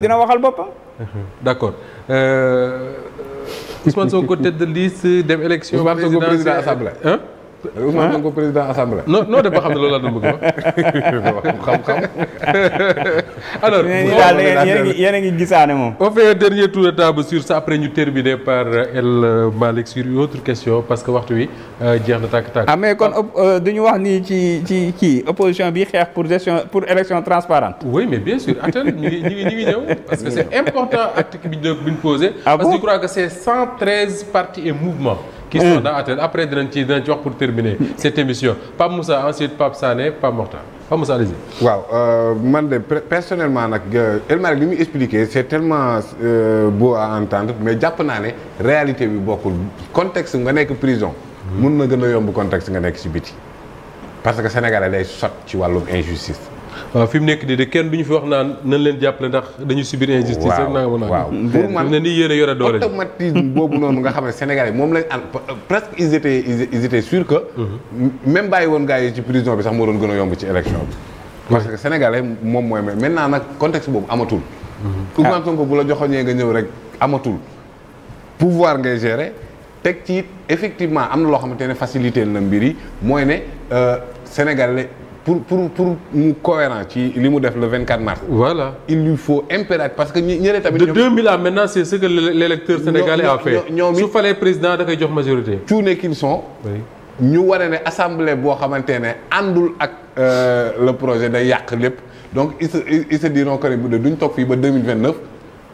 dina waxal boppam. d'accord euh, Ousmane Sonko tête de liste dem élection. président président assemblée Ousmane Sonko président assemblée. noo def ba xam ne loolu laa doon bëgg xam-xam. alors yéen a ngi gisaane moom. on fait un dernier tour de table sur ça après ñu terminer par El Malick sur une autre question parce que waxtu wi euh, jeex na tàkk tàkk. ah mais kon euh, du ñu wax nii ci ci ci opposition bi xeex pour gestion pour élection transparente. oui mais bien sûr attends ñu ngi ñu parce que c' important acte bi ñu doon ah parce que je crois que c' question dans Athènes après dinañ ci dinañ ci wax pour terminer cette émission Pape Moussa ensuite Pape Sané Pape Mokhtar Pape Moussa allez-y waaw euh, man de personnellement nag euh, El Malick li muy expliquer c' est tellement euh, beau à mais jàpp naa ne réalité bi bokkul contexte nga nekk prison mun na gën a yomb contexte nga nekk si biti parce que sénégalais day sot ci wàllum injustice waaw fi mu nekk nii de kenn ñu fi wax naan nañ leen jàppale ndax dañu subir injustice rek naa nga waaw pour man ne ni yéen a yore doole automatisme boobu noonu nga xam ne Sénégalais moom lañ am presque mm-hmm. même bàyyi woon gars yi ci prison bi sax moo doon gën a yomb ci élection bi mm-hmm. parce que Sénégalais moom mooy mais maintenant nag contexte boobu amatul mm-hmm. Ousmane ah. Sonko bu la joxoñee nga ñëw rek amatul pouvoir ngay gérer teg ci it effectivement am na loo xamante ne facilité na mbir yi mooy ne euh, Sénégalais pour pour pour mu cohérent ci li mu def la le 24 mars. voilà il faut impératif parce que ñi ñeneen tamit. de 2000 à maintenant c'est ce que l'électeur sénégalais a fait ñoom su falee président da jox majorité. cuune qu'ils sont. ñu waree ne assemblée boo xamante ne àndul ak euh, le projet day yàq lépp donc ils se ils se diront que duñ toog fii ba 2029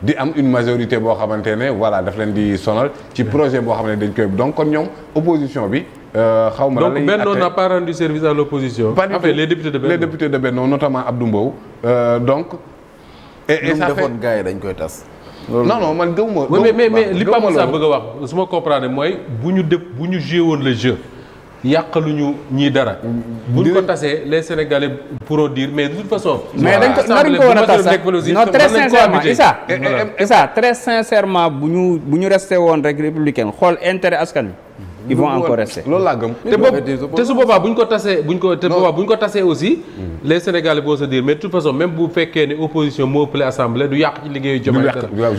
di am une majorité boo xamante ne voilà daf leen di sonal ci projet boo xam ne dañ koy donc kon ñoom opposition bi. Euh, xaw ma donc Benno n'a pas rendu service à l'opposition. En fait, les députés de Benno les députés de Mbow. Euh, donc. et et ça fait defoon gars yi dañ koy tas. non non man gëmuma. mais mais mais li Pape Moussa bëgg a wax su ma comprendre mooy bu ñu def bu ñu joué la le jeu. ñu ñii dara. bu buñ ko tasee les sénégalais pourront mais de façon. mais dañ ko naruñ ko a tas sax non très sincèrement Issa. Eh, eh, eh. Issa très sincèrement bu ñu bu ñu resté woon rek républicain xool intérêt askan wi. loolu laa gëm. te boobu te su boobaa bu ñu ko tasee bu ko te boobaa bu ko tasee aussi. les Sénégalais vont se dire mais de toute façon même bu fekkee ne opposition moo ëppale assemblée du yàq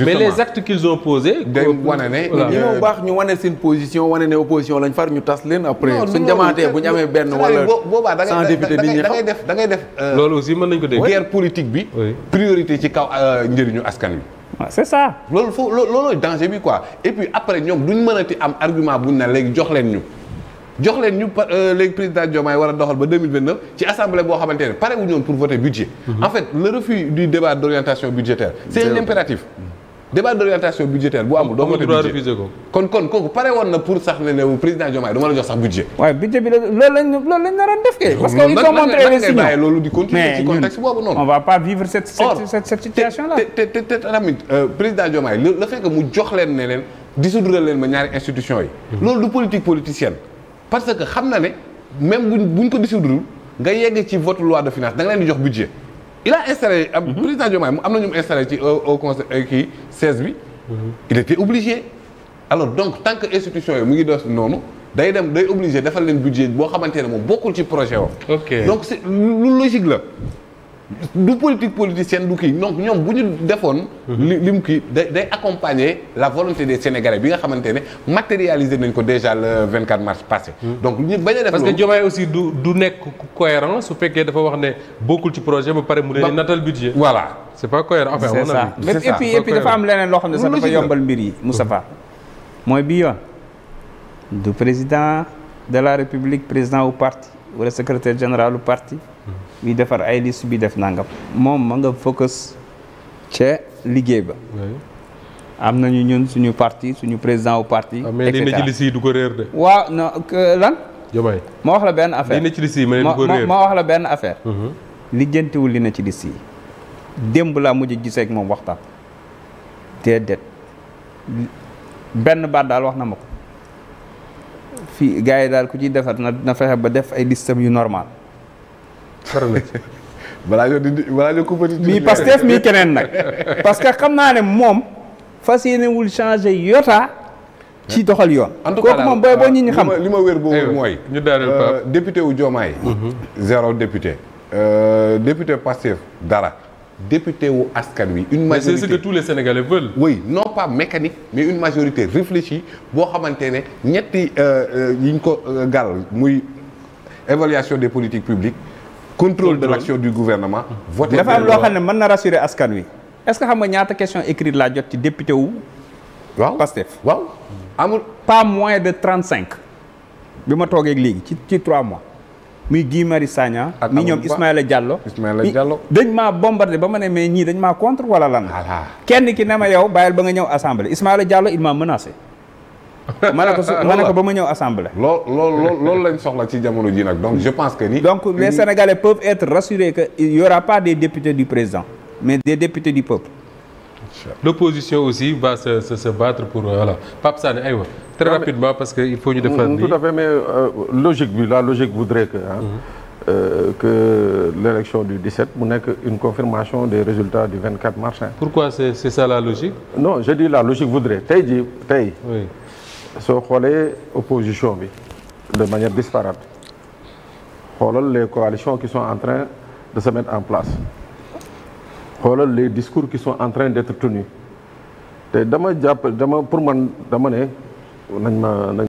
mais les actes qu'ils ont posés. day euh, wane ne ñi ñoo baax ñu wane seen position wane ne opposition lañ far ñu tas leen après. suñ jamaatee bu ñu amee benn wala. sans député nit ñi xam da ngay def da ngay def. Euh, loolu aussi mën nañu ko dégg. guerre politique bi. priorité ci kaw euh, njëriñu askan wi waaw c'est ça. loolu foo loolooy danger bi quoi et puis après ñoom duñ mënati am argument buñ na léegi jox leen ñu. jox leen ñu euh, léegi président Diomaye war a doxal ba 2029 ci assemblée boo xamante ne pare wu ñoon pour voter budget. Mhm. en fait le refus du débat d'orientation budgétaire. c'est un débat d'orientation budgétaire bu amul. doo ko budget kon kon kooku pare woon na pour sax ne ne président Diomaye du ma la jox sax budget. waaw budget bi la loolu lañ loolu lañ naroon def kay. parce que ils ont montré les signaux mais loolu di continuer ci contexte boobu noonu. on va pas vivre cette cette situation là. te te euh, le fait que mu jox leen ne leen dissoudre leen ma ñaari institution yi. Mm-hmm. loolu du politique politicienne. parce que xam na ne même buñ buñ ko dissoudre nga leen di jox budget. il a installé. am mhm. président Diomaye am na ñu mu installé ci au au conseil euh, kii 16 bi. Mhm. il était obligé. alors donc tant que institution yi mu ngi dos noonu day dem day obligé defal leen budget boo xamante ne moom bokkul ci projet wa. ok donc c'est lu la. du politique politicienne du kii donc ñoom bu ñu defoon. li mhm. lim kii day day accompagner la volonté de Sénégalais bi nga xamante ne matérialiser nañ ko déjà le 24 mars passé. Mhm. donc ñu bañ a def parce que Diomaye aussi du nekk cohérent su fekkee dafa wax ne bokkul ci projet ba pare mu ne natal budget voilà c'est pas cohérent enfin dafa am leneen loo xam ne sax dafa yombal mbir yi Moustapha mooy bi yoon du président de la République président wu parti wala secrétaire général parti bi defar ay liste bi def nangam moom ma nga focus ca liggéey ba. am nañu ñun suñu parti suñu président wu parti. Ah, et yi du ko réer de. waaw non lan. Diomaye ma wax la benn affaire li na ci liste yi ma du ko réer ma wax la benn mhm. li na ci liste yi. démb laa mujj gisee ak moom waxtaan. déedéet benn baat daal wax na ma ko. fii gars yi daal ku ciy defar na fexe ba def ay listam yu normal. dara la balaa ñoo di balaa ñoo ko bëri. mii Pastef mii keneen nag parce que xam naa ne moom fas yéenewul changer yota ci doxal yoon. en tout cas kooku moom booy boo ñi ñu xam. li ma wér boobu mooy. ñu daaneel euh, député wu Diomaye. Mhm. zéro député. Euh, député Pastef dara. député wu askan wi. une majorité mais c'est ce les Sénégalais veulent. oui non pas mécanique mais une majorité réfléchie boo xamante ne ñetti euh, yi ñu ko gàll muy évaluation des politiques publiques. contrôle de l'action du gouvernement. voté dafa am loo xam ne mën na rassurer askan wi. est-ce xam nga ñaata question écrite laa jot ci député wu. waaw Pastef waaw. amul pas moins de trente cinq. bi ma toogee léegi ci ci trois mois. muy Guy Marius Sagna. ak mi ñoom Ismaïla Diallo. Ismaïla Diallo dañ maa bombardé ba ma ne mais ñii dañ maa contre wala lan. kenn ki ne ma yow bàyyil ba nga ñëw assemblée Ismaïla Diallo il m'a menacé. ma ne ko ma ba ma ñëw assemblée. lool lool loolu la soxla ci jamono ji nag donc je pense que ni. donc les sénégalais peuvent être rassurés que il y aura pas des députés du président mais des députés du peuple. l'opposition aussi va se se se battre pour euh, voilà Pape Sané aywa. très rapidement parce que il faut ñu defar mm, nii tout à fait mais euh, logique bi la logique voudrait que mm-hmm. Euh, que l'élection du 17 mu nekk une confirmation des résultats du 24 mars. Pourquoi c'est c'est ça la logique? Non, je dis la logique voudrait tey jii tey. soo xoolee opposition bi de manière disparate xoolal les coalitions qui sont en train de se mettre en place xoolal les discours qui sont en train d'être tenus te dama jàpp dama pour man dama ne nañ ma nañ